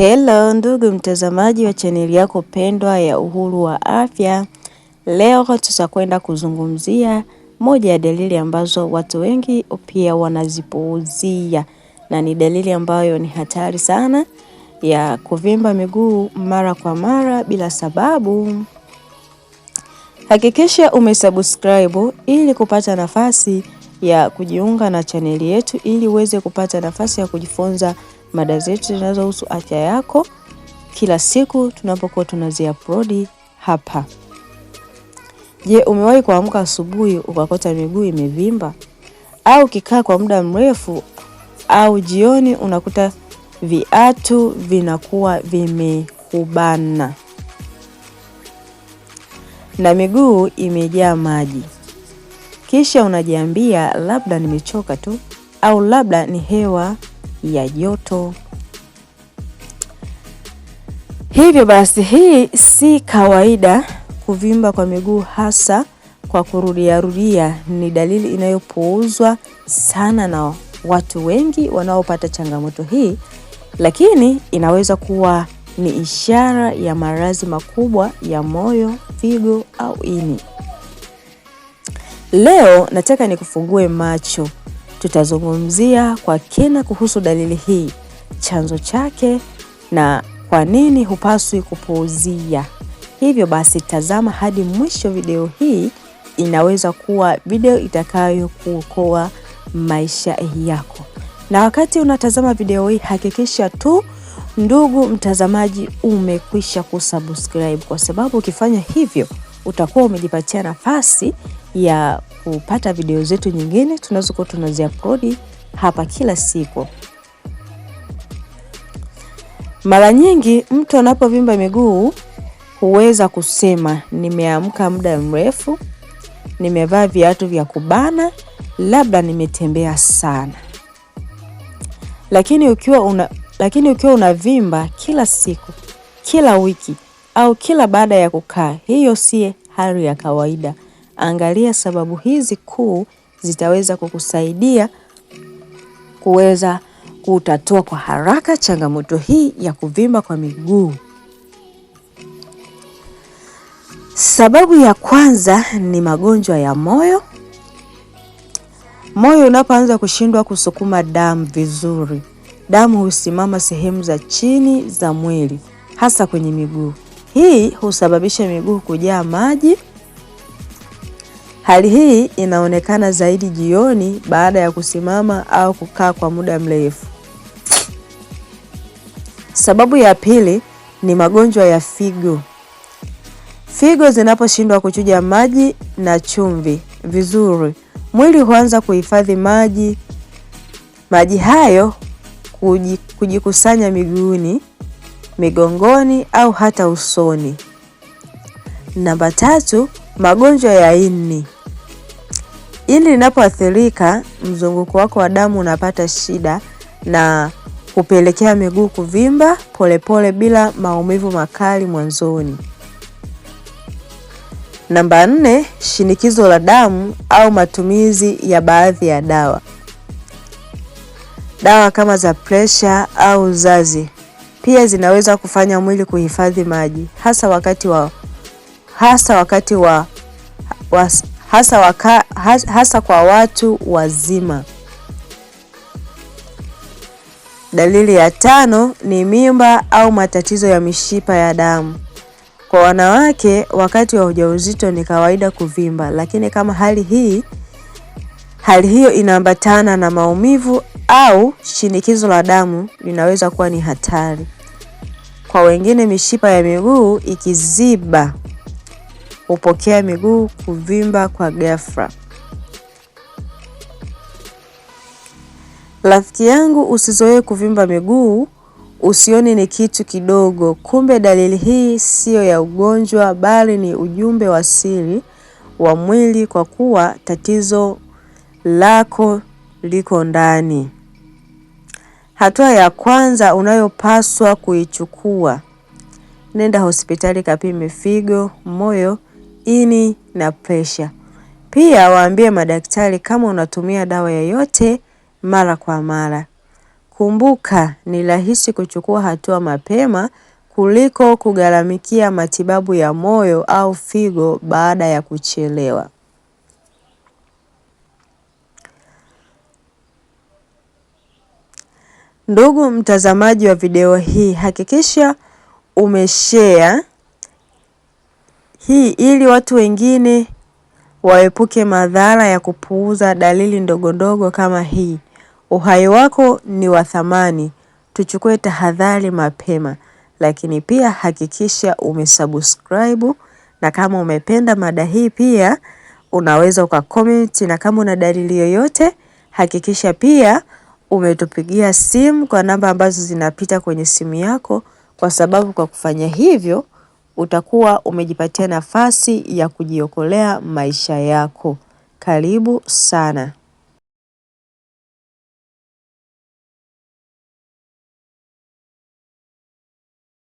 Hello ndugu mtazamaji wa chaneli yako pendwa ya Uhuru wa Afya. Leo tutakwenda kuzungumzia moja ya dalili ambazo watu wengi pia wanazipuuzia na ni dalili ambayo ni hatari sana ya kuvimba miguu mara kwa mara bila sababu. Hakikisha umesubscribe ili kupata nafasi ya kujiunga na chaneli yetu ili uweze kupata nafasi ya kujifunza mada zetu zinazohusu afya yako kila siku tunapokuwa tunaziaprodi hapa. Je, umewahi kuamka asubuhi ukakota miguu imevimba au ukikaa kwa muda mrefu au jioni unakuta viatu vinakuwa vimekubana na miguu imejaa maji, kisha unajiambia labda nimechoka tu au labda ni hewa ya joto. Hivyo basi, hii si kawaida. Kuvimba kwa miguu hasa kwa kurudiarudia ni dalili inayopuuzwa sana na watu wengi wanaopata changamoto hii, lakini inaweza kuwa ni ishara ya maradhi makubwa ya moyo, figo au ini. Leo nataka nikufungue macho Tutazungumzia kwa kina kuhusu dalili hii, chanzo chake na kwa nini hupaswi kupuuzia. Hivyo basi tazama hadi mwisho video hii, inaweza kuwa video itakayokuokoa maisha yako. Na wakati unatazama video hii, hakikisha tu ndugu mtazamaji, umekwisha kusubscribe, kwa sababu ukifanya hivyo utakuwa umejipatia nafasi ya kupata video zetu nyingine tunazokuwa tunaziupload hapa kila siku. Mara nyingi mtu anapovimba miguu huweza kusema nimeamka muda mrefu, nimevaa viatu vya kubana, labda nimetembea sana. Lakini ukiwa una lakini ukiwa unavimba kila siku, kila wiki au kila baada ya kukaa, hiyo si hali ya kawaida. Angalia sababu hizi kuu zitaweza kukusaidia kuweza kutatua kwa haraka changamoto hii ya kuvimba kwa miguu. Sababu ya kwanza ni magonjwa ya moyo. Moyo unapoanza kushindwa kusukuma damu vizuri, damu husimama sehemu za chini za mwili, hasa kwenye miguu. Hii husababisha miguu kujaa maji Hali hii inaonekana zaidi jioni baada ya kusimama au kukaa kwa muda mrefu. Sababu ya pili ni magonjwa ya figo. Figo zinaposhindwa kuchuja maji na chumvi vizuri, mwili huanza kuhifadhi maji. Maji hayo kujikusanya miguuni, migongoni au hata usoni. Namba tatu Magonjwa ya ini. Ini linapoathirika, mzunguko wako wa damu unapata shida na kupelekea miguu kuvimba polepole bila maumivu makali mwanzoni. Namba nne, shinikizo la damu au matumizi ya baadhi ya dawa. Dawa kama za presha au uzazi pia zinaweza kufanya mwili kuhifadhi maji hasa wakati wa hasa wakati wa, wa hasa, waka, hasa kwa watu wazima. Dalili ya tano ni mimba au matatizo ya mishipa ya damu. Kwa wanawake, wakati wa ujauzito ni kawaida kuvimba, lakini kama hali hii hali hiyo inaambatana na maumivu au shinikizo la damu linaweza kuwa ni hatari. Kwa wengine, mishipa ya miguu ikiziba hupokea miguu kuvimba kwa ghafla. Rafiki yangu, usizoee kuvimba miguu, usioni ni kitu kidogo, kumbe dalili hii siyo ya ugonjwa, bali ni ujumbe wa siri wa mwili, kwa kuwa tatizo lako liko ndani. Hatua ya kwanza unayopaswa kuichukua, nenda hospitali, kapime figo, moyo ini na presha. Pia waambie madaktari kama unatumia dawa yoyote mara kwa mara. Kumbuka, ni rahisi kuchukua hatua mapema kuliko kugharamikia matibabu ya moyo au figo baada ya kuchelewa. Ndugu mtazamaji wa video hii, hakikisha umeshare hii ili watu wengine waepuke madhara ya kupuuza dalili ndogondogo kama hii. Uhai wako ni wa thamani, tuchukue tahadhari mapema. Lakini pia hakikisha umesubscribe, na kama umependa mada hii pia unaweza ukacomment, na kama una dalili yoyote hakikisha pia umetupigia simu kwa namba ambazo zinapita kwenye simu yako, kwa sababu kwa kufanya hivyo utakuwa umejipatia nafasi ya kujiokolea maisha yako. Karibu sana.